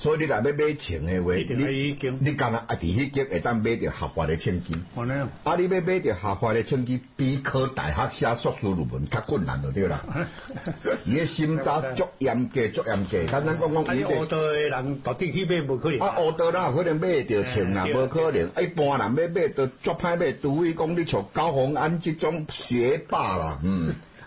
所以你若要買槍嘅話，你你今日阿啲呢級會當買到合法嘅槍枝。啊，你要買着合法嘅槍枝，比考大學寫碩士論文較困難多對啦。伊嘅審查足嚴格足嚴格，等等講講你。啊，我對人讀啲去買無可能。啊，我對啦，可能買到槍啊，無可能。一般人買買都足歹買，除非講你像高虹安即種學霸啦。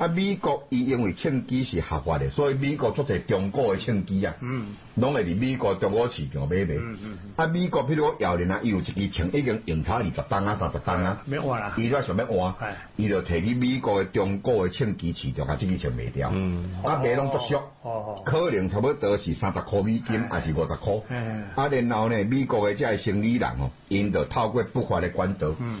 啊！美國伊因為清機是合法嘅，所以美國出借中國嘅清機啊，嗯，攏會佇美國中國市場買賣。嗯嗯。啊！美國譬如說，有人啊，伊有一支槍，已經用差二十噸啊、三十噸啊，咩換啦？伊再想要換，係。伊就摕去美國嘅中國嘅清機市場啊，即支槍賣掉。嗯。啊，賣攏足俗，哦哦。可能差不多是三十箍美金，還是五十箍。嗯嗯。啊，然後呢，美國嘅即個生意人哦，因着透過不法嘅管道。嗯。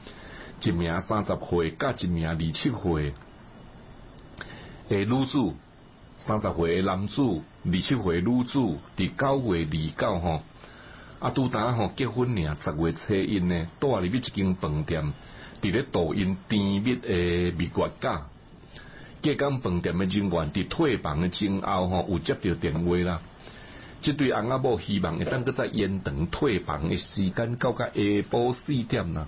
一名三十歲，甲一名二七歲誒，女子三十歲誒，男子二七歲，女子佇九月二九吼，啊拄達吼結婚呢，十月初一呢，住喺入去一間飯店，佇咧抖音甜蜜誒蜜月家，隔間飯店嘅人員佇退房嘅前後吼，有接到電話啦，即對翁仔某冇希望，會當擱再延長退房嘅時間，到甲下晡四點啦。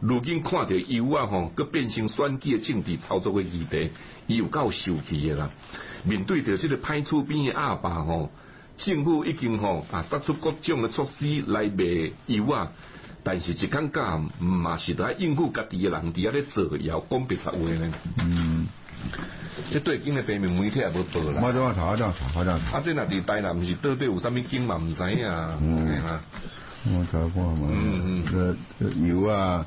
如今看到油啊吼，閣變成選舉政治操作誒議題，伊有夠受氣誒啦！面對着即個歹厝邊誒阿爸吼，政府已經吼啊，殺出各種誒措施來賣油啊！但是即間家毋嘛是佇咧應付家己誒人，佇遐咧做，又講別說話呢？嗯，即對今日平民媒體也無報啦。我正要查一張，查一張。啊，即個佇台南毋是倒底有啥物經嘛，毋知影。嗯，嘛嗎？我查看係嘛？嗯嗯，油啊！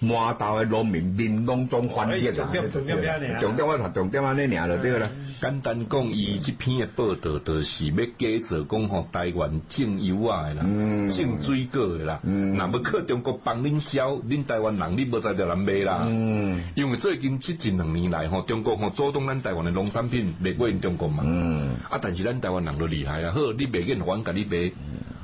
麻豆係農民，面農種訓呢一種。仲點依一篇嘅報道都係要假造講，吼台灣種油啊嘅啦，嗯、種水果嘅啦，那要、嗯、靠中國幫你銷，嗯、你台灣人你唔使同人賣啦。嗯、因為最近即一兩年來，吼中國，吼主導咱台灣嘅農產品賣俾中國嘛。嗯、啊，但是咱台灣人就厲害啦，好，你賣緊還家你賣。嗯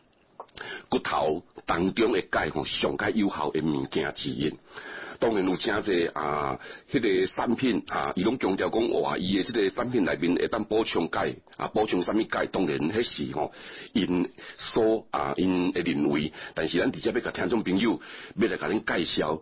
骨頭當中嘅鈣吼上較有效嘅物件之一，當然有真濟啊，迄、那個產品啊，伊攏強調講哇伊嘅即個產品內面會當補充鈣，啊，補充啥物鈣，當然迄時吼，因所啊，因會認為，但是咱直接要甲聽眾朋友要來甲恁介紹。